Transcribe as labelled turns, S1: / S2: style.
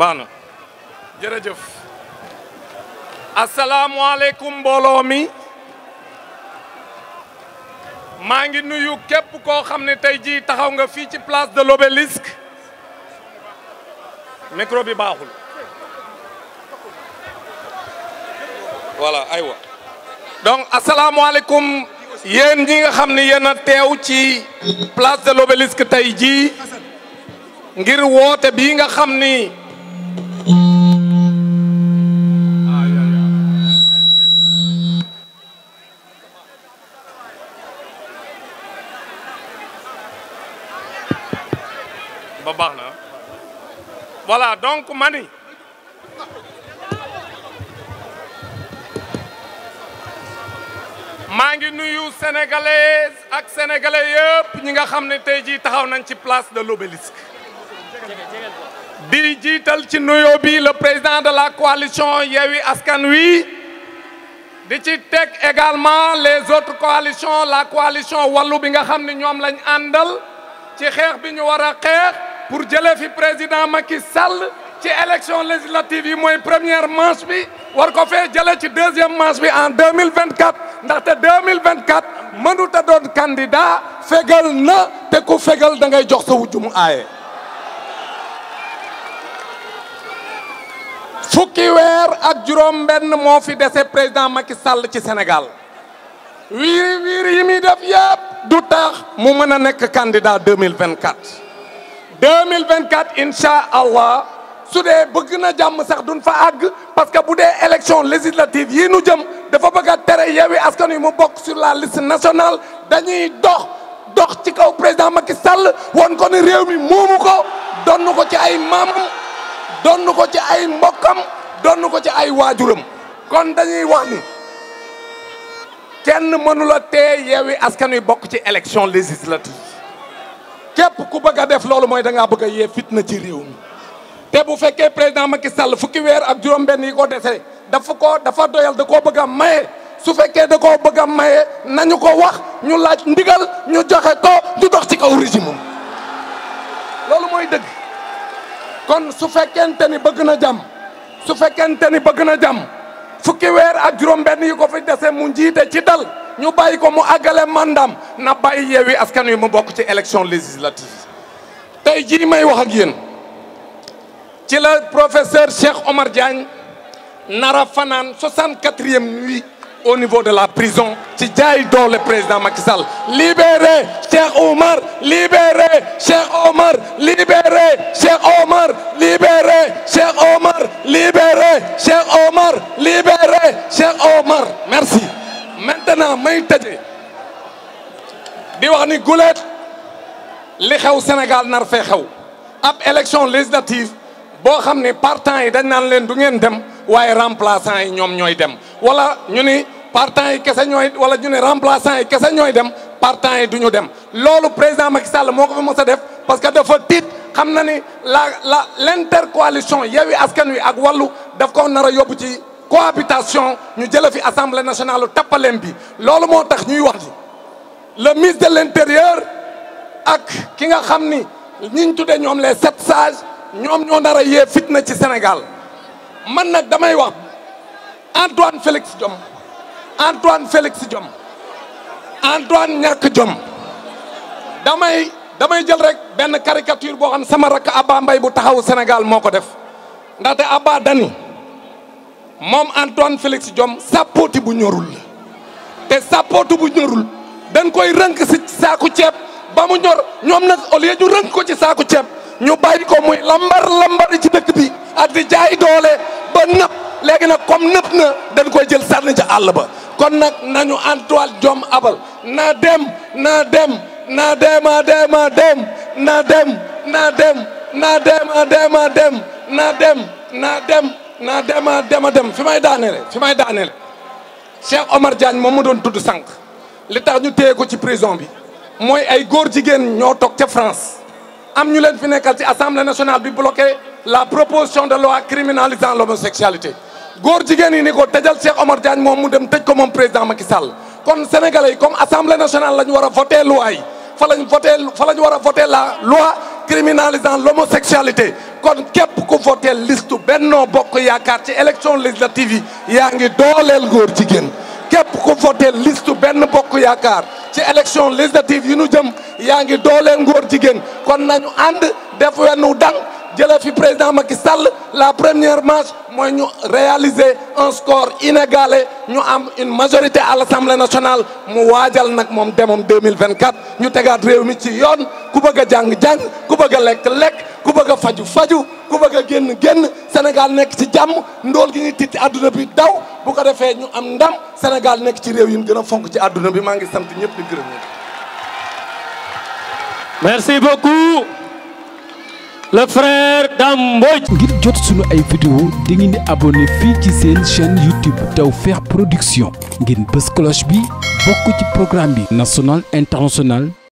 S1: baax na jërëjëf asalaamualeykum mbooloo mi maa ngi nuyu képp koo xam ne tey jii taxaw nga fii ci place de l'obélisque micro bi baaxul voilà aywa donc asalaamualeykum yéen ñi nga xam ne yéen teew ci place de l'obélisque tey jii ngir woote bii nga xam ni ba voilà donc mani maa ngi nuyu sénégalais ak sénégalais yëpp ñi nga xam ne tey jii taxaw nañ ci place de l'obélisque di jiital ci nuyo bi le président de la coalition Yewwi Askan Wi di ci teg également les autres coalitions la coalition wàllu bi nga xam ne ñoom lañu àndal ci xeex bi ñu war a xeex pour jëlee fi président Macky Sall ci élection législative yi mooy première manche bi war ko fee jëlee ci deuxième manche bi en 2024 ndaxte 2024 mënut a doon candidat fegal na te ku fegal da ngay jox sa wujjum aaye fukki weer ak juróom benn moo fi dese président Macky Sall ci Sénégal wiiri wiiri yi muy def yëpp du tax mu mën a nekk candidat 2024 2024 incha allah su dee bëgg na jàmm sax duñ fa àgg parce que bu dee élection législative yii nu jëm dafa bëgg a tere Yewwi Askan Wi mu bokk sur la liste nationale dañuy dox dox ci kaw président Macky sàll won ko ni réew mi moomu ko donn ko ci ay maamam donn ko ci ay mbokkam donn ko ci ay waajuram kon dañuy wax ni kenn mënula te Yewwi Askan Wi bokk ci élection législative képp ku bëgg def loolu mooy da ngaa bëgg a yee fitna ci réew mi te bu fekkee président Macky Sall fukki weer ak juróom-benn yi ko dese dafa ko dafa doyal da koo bëgg a maye su fekkee da koo bëgg a maye nañu ko wax ñu laaj ndigal ñu joxe ko du dox ci kaw régime loolu mooy dëgg kon su fekkente ni bëgg na jàmm su fekkente ni bëgg na jàmm fukki weer ak juróom-benn yi ko fi dese mu njiite ci dal. ñu bàyyi ko mu àggale mandam na bàyyi yeewi askan wi mu bokk ci élection législative tey jii may wax ak yéen ci la professeur Cheikh Omar Diagne nara fanaan 64e nuit au niveau de la prison ci jaay doole président Macky Sall libéré Cheikh Omar libéré Cheikh Omar libéré Cheikh Omar libéré Cheikh Omar libéré Cheikh Omar libéré Cheikh Omar merci xanaa may tëje di wax ni guleet li xew Sénégal nar fee xew ab élection législative boo xam ni partant yi dañ naan leen du ngeen dem waaye remplaçant yi ñoom ñooy dem wala ñu ni partant yi kese ñooy wala ñu ne remplaçant yi kese ñooy dem partant yi du ñu dem loolu président Macky Sall moo ko fi mos def parce que dafa tiit xam na ni la la l' intercoalition Yewwi Wi ak wàllu daf ko nar a ci cohabitation ñu jële fi assemblée nationale tappaleem bi loolu moo tax ñuy wax le ministre de l'intérieur ak ki nga xam ni ñiñ tuddee ñoom le sept sages ñoom ñoo nar a yee fitna ci Sénégal man nag damay wax Antoine Félix Diome Antoine Félix Diome Antoine ñàkk Diome damay damay jël rek benn caricature boo xam sama rakk Abba Mbaye bu taxawu Sénégal moo ko def ndaxte Abba dani moom Antoine Félix Diome sàppooti bu ñorul la te sàppooti bu ñorul dañ koy rënk si saaku ceeb ba mu ñor ñoom nag au lieu ñu rënk ko ci saaku ceeb ñu bàyyi ko muy lambar lambar ci dëkk bi ak di jaay doole ba nëpp léegi nag comme nëpp na dañ koy jël sànni ca àll ba kon nag nañu Antoine Diome abal naa dem naa dem naa dem naa dem naa dem naa deema deema dem naa dem naa dem na dema dema dem fi may daanele fi may daanele Cheikh Omar Diagne moom ma doon tudd sànq li tax ñu téye ko ci prison bi mooy ay góor jigéen ñoo toog ca France am ñu leen fi nekkal ci assemblée nationale bi bloqué la proposition de loi criminalisant l'homosexualité góor jigéen yi ni ko tëjal Cheikh Omar Diagne moom mu dem tëj ko moom président Macky Sall kon sénégalais yi comme assemblée nationale la ñu war a voté loi yi fa lañ voté fa la ñu war a la loi criminalisant l'homosexualité kon képp ko voté liste Benno Bokk Yaakaar ci élection législative yi yaa ngi dooleel góor jigéen képp ko voté liste benn bokk yaakaar ci élection législative yi nu jëm yaa ngi dooleel ngóor jigéen kon nañu ànd def wennu dang jële fi président Macky Sall la première marche mooy ñu réaliser un score inégalé ñu am une majorité à l'Assemblée nationale mu waajal nag moom demam 2024 ñu tegaat réew mi ci yoon ku bëgg a jàng-jàng ku bëgg lekk-lekk ku bëgg a faju faju ku bëgg a génn génn Sénégal nekk ci jàmm ndool gi ñuy ci àdduna bi daw bu ko defee ñu am ndam Sénégal nekk ci réew yi ñu gën a fonk ci àdduna bi maa ngi sant ñëpp di gërëm ñëpp. merci beaucoup. le frère Dame Mbodj. ngir jot suñu ay vidéo di ngeen di abonné fii ci seen chaîne YouTube Tawfekh Production. ngeen bës cloche bi bokk ci programme bi. national international.